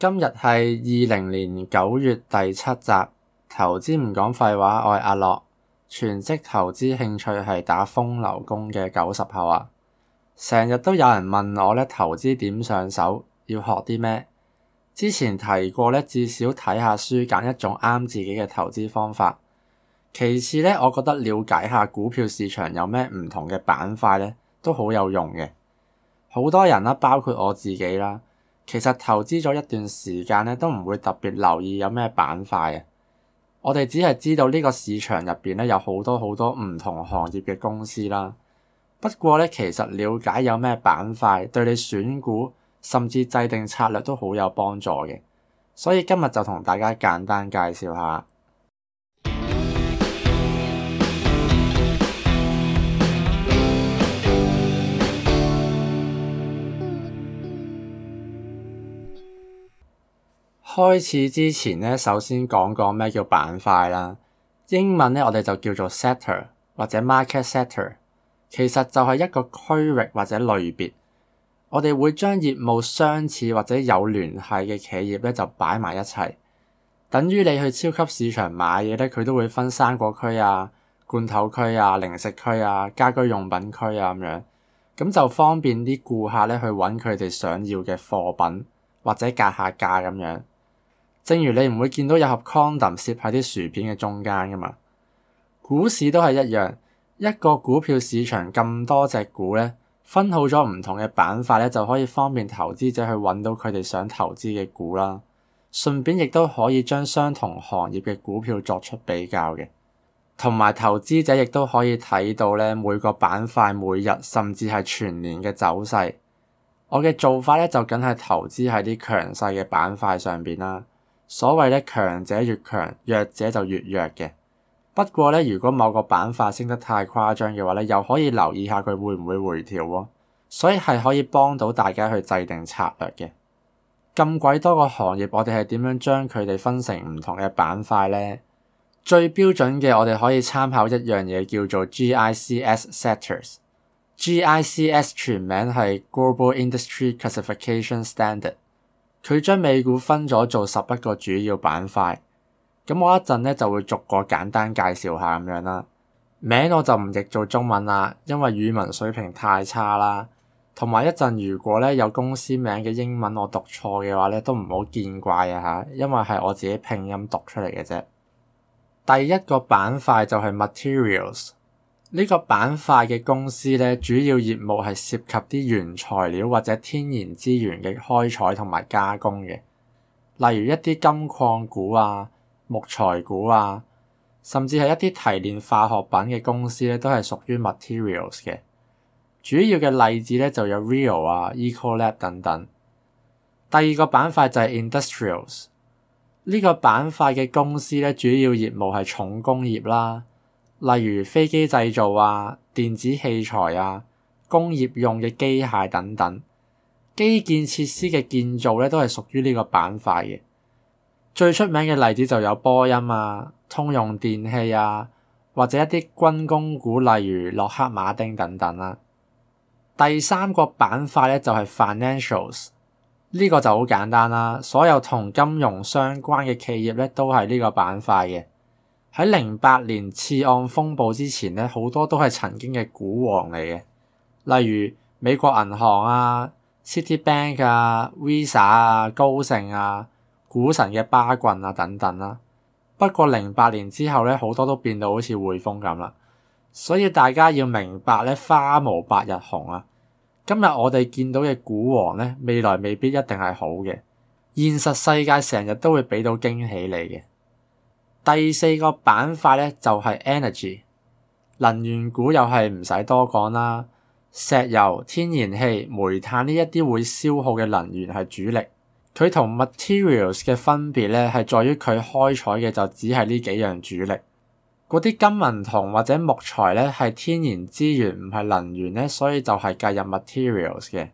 今日係二零年九月第七集，投資唔講廢話，我係阿樂，全職投資興趣係打風流工嘅九十後啊，成日都有人問我咧，投資點上手，要學啲咩？之前提過咧，至少睇下書，揀一種啱自己嘅投資方法。其次咧，我覺得了解下股票市場有咩唔同嘅板塊咧，都好有用嘅。好多人啦，包括我自己啦。其實投資咗一段時間咧，都唔會特別留意有咩板塊㗎。我哋只係知道呢個市場入面咧，有好多好多唔同行業嘅公司啦。不過咧，其實了解有咩板塊對你選股，甚至制定策略都好有幫助嘅。所以今日就同大家簡單介紹下。開始之前咧，首先講講咩叫板塊啦。英文咧，我哋就叫做 sector 或者 market sector，其實就係一個區域或者類別。我哋會將業務相似或者有聯繫嘅企業咧，就擺埋一齊。等於你去超級市場買嘢咧，佢都會分生果區啊、罐頭區啊、零食區啊、家居用品區啊咁樣，咁就方便啲顧客咧去揾佢哋想要嘅貨品或者格下價咁樣。正如你唔會見到有盒 condom 攝喺啲薯片嘅中間㗎嘛？股市都係一樣，一個股票市場咁多隻股咧，分好咗唔同嘅板塊咧，就可以方便投資者去揾到佢哋想投資嘅股啦。順便亦都可以將相同行業嘅股票作出比較嘅，同埋投資者亦都可以睇到咧每個板塊每日甚至係全年嘅走勢。我嘅做法咧就梗係投資喺啲強勢嘅板塊上邊啦。所謂咧強者越強，弱者就越弱嘅。不過咧，如果某個板塊升得太誇張嘅話咧，又可以留意下佢會唔會回調喎。所以係可以幫到大家去制定策略嘅。咁鬼多個行業，我哋係點樣將佢哋分成唔同嘅板塊呢？最標準嘅，我哋可以參考一樣嘢叫做 GICS Sectors。GICS 全名係 Global Industry Classification Standard。佢將美股分咗做十一個主要板塊，咁我一陣咧就會逐個簡單介紹下咁樣啦。名我就唔譯做中文啦，因為語文水平太差啦。同埋一陣如果咧有公司名嘅英文我讀錯嘅話咧，都唔好見怪啊嚇，因為係我自己拼音讀出嚟嘅啫。第一個板塊就係 materials。呢個板塊嘅公司咧，主要業務係涉及啲原材料或者天然資源嘅開採同埋加工嘅，例如一啲金礦股啊、木材股啊，甚至係一啲提煉化學品嘅公司咧，都係屬於 materials 嘅。主要嘅例子咧就有 Rio 啊、Ecolab 等等。第二個板塊就係 industrials，呢個板塊嘅公司咧，主要業務係重工業啦。例如飛機製造啊、電子器材啊、工業用嘅機械等等，基建設施嘅建造咧都係屬於呢個板塊嘅。最出名嘅例子就有波音啊、通用電器啊，或者一啲軍工股，例如洛克馬丁等等啦。第三個板塊咧就係 financials，呢個就好簡單啦，所有同金融相關嘅企業咧都係呢個板塊嘅。喺零八年次按風暴之前咧，好多都係曾經嘅股王嚟嘅，例如美國銀行啊、Citibank 啊、Visa 啊、高盛啊、股神嘅巴郡啊等等啦、啊。不過零八年之後咧，好多都變到好似匯豐咁啦。所以大家要明白咧，花無百日紅啊。今日我哋見到嘅股王咧，未來未必一定係好嘅。現實世界成日都會俾到驚喜你嘅。第四個板塊咧就係、是、energy 能源股，又係唔使多講啦，石油、天然氣、煤炭呢一啲會消耗嘅能源係主力。佢同 materials 嘅分別咧係在於佢開採嘅就只係呢幾樣主力。嗰啲金銀銅或者木材咧係天然資源，唔係能源咧，所以就係計入 materials 嘅。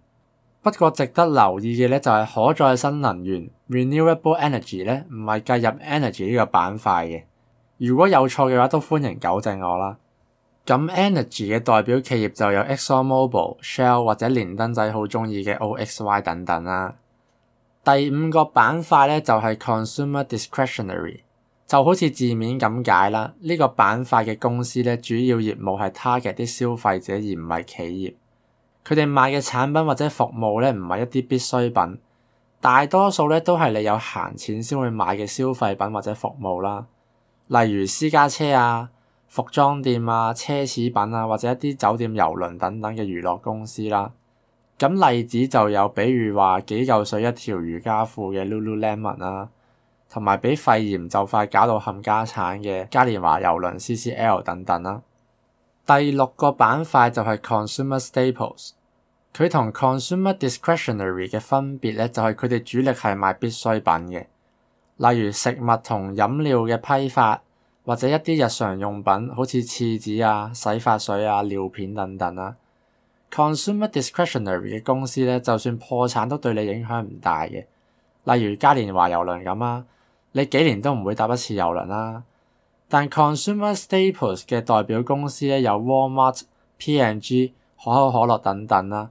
不過值得留意嘅咧就係、是、可再生能源。Renewable energy 咧唔係計入 energy 呢個板塊嘅，如果有錯嘅話都歡迎糾正我啦。咁 energy 嘅代表企業就有 Exxon Mobil、Shell 或者連登仔好中意嘅 Oxy 等等啦。第五個板塊咧就係、是、consumer discretionary，就好似字面咁解啦。呢、這個板塊嘅公司咧主要業務係 target 啲消費者而唔係企業，佢哋賣嘅產品或者服務咧唔係一啲必需品。大多數咧都係你有閒錢先會買嘅消費品或者服務啦，例如私家車啊、服裝店啊、奢侈品啊，或者一啲酒店、遊輪等等嘅娛樂公司啦。咁例子就有比，比如話幾嚿水一條瑜伽褲嘅 Lululemon 啦、啊，同埋俾肺炎就快搞到冚家產嘅嘉年華遊輪 CCL 等等啦、啊。第六個板塊就係 Consumer Staples。佢同 consumer discretionary 嘅分別咧，就係佢哋主力係賣必需品嘅，例如食物同飲料嘅批發，或者一啲日常用品，好似廁紙啊、洗髮水啊、尿片等等啦、啊。consumer discretionary 嘅公司咧，就算破產都對你影響唔大嘅，例如嘉年華郵輪咁啊，你幾年都唔會搭一次郵輪啦、啊。但 consumer staples 嘅代表公司咧，有 Walmart、P&G、可口可樂等等啦、啊。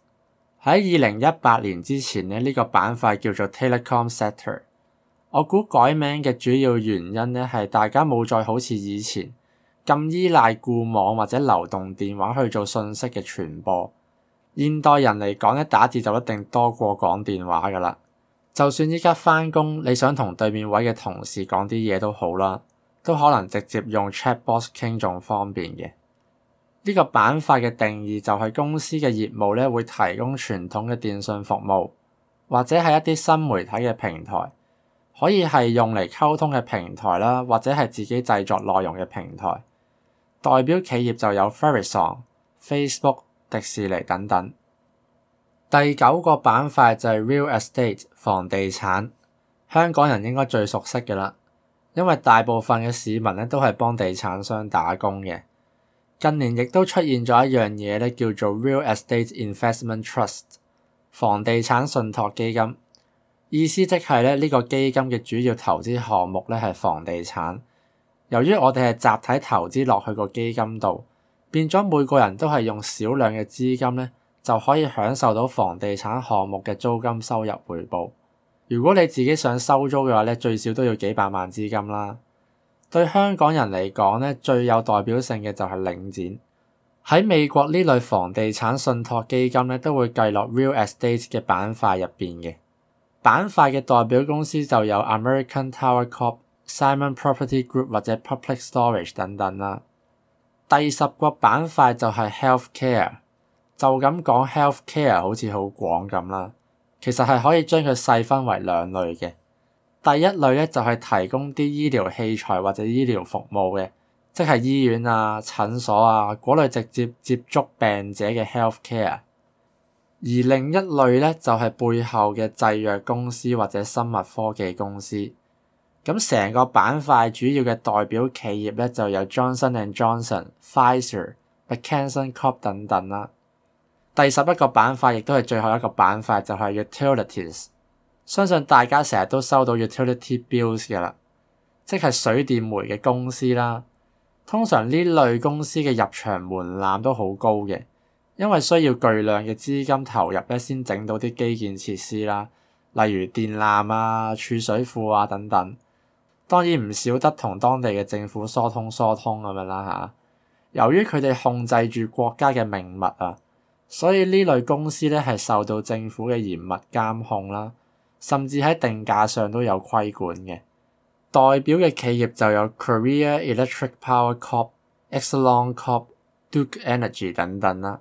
喺二零一八年之前咧，呢個板塊叫做 Telecom Sector。我估改名嘅主要原因咧，係大家冇再好似以前咁依賴固網或者流動電話去做信息嘅傳播。現代人嚟講咧，打字就一定多過講電話噶啦。就算依家返工，你想同對面位嘅同事講啲嘢都好啦，都可能直接用 chat box 傾仲方便嘅。呢個板塊嘅定義就係公司嘅業務咧，會提供傳統嘅電信服務，或者係一啲新媒體嘅平台，可以係用嚟溝通嘅平台啦，或者係自己製作內容嘅平台。代表企業就有 Verizon、Facebook、迪士尼等等。第九個板塊就係 Real Estate 房地產，香港人應該最熟悉嘅啦，因為大部分嘅市民咧都係幫地產商打工嘅。近年亦都出現咗一樣嘢咧，叫做 Real Estate Investment Trust，房地產信託基金。意思即係咧，呢個基金嘅主要投資項目咧係房地產。由於我哋係集體投資落去個基金度，變咗每個人都係用少量嘅資金咧，就可以享受到房地產項目嘅租金收入回報。如果你自己想收租嘅話咧，最少都要幾百萬資金啦。對香港人嚟講咧，最有代表性嘅就係領展。喺美國呢類房地產信託基金咧，都會計落 real estate 嘅板塊入邊嘅。板塊嘅代表公司就有 American Tower Corp、Simon Property Group 或者 Public Storage 等等啦。第十個板塊就係 healthcare。就咁講 healthcare 好似好廣咁啦，其實係可以將佢細分為兩類嘅。第一類咧就係提供啲醫療器材或者醫療服務嘅，即係醫院啊、診所啊嗰類直接接觸病者嘅 healthcare。而另一類咧就係背後嘅製藥公司或者生物科技公司。咁成個板塊主要嘅代表企業咧就有 Johnson and Johnson、Pfizer、McKesson Corp 等等啦。第十一個板塊亦都係最後一個板塊，就係 utilities。相信大家成日都收到 utility bills 嘅啦，即係水電煤嘅公司啦。通常呢類公司嘅入場門檻都好高嘅，因為需要巨量嘅資金投入咧，先整到啲基建設施啦，例如電纜啊、儲水庫啊等等。當然唔少得同當地嘅政府疏通疏通咁樣啦吓，由於佢哋控制住國家嘅命脈啊，所以呢類公司咧係受到政府嘅嚴密監控啦。甚至喺定價上都有規管嘅，代表嘅企業就有 Korea Electric Power Corp、Exelon Corp、Duke Energy 等等啦。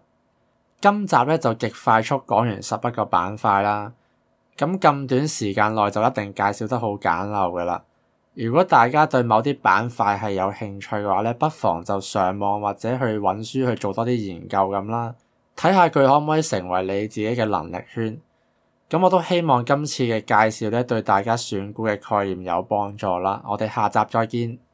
今集咧就極快速講完十一個板塊啦，咁咁短時間內就一定介紹得好簡陋噶啦。如果大家對某啲板塊係有興趣嘅話咧，不妨就上網或者去揾書去做多啲研究咁啦，睇下佢可唔可以成為你自己嘅能力圈。咁我都希望今次嘅介紹呢，對大家選股嘅概念有幫助啦。我哋下集再見。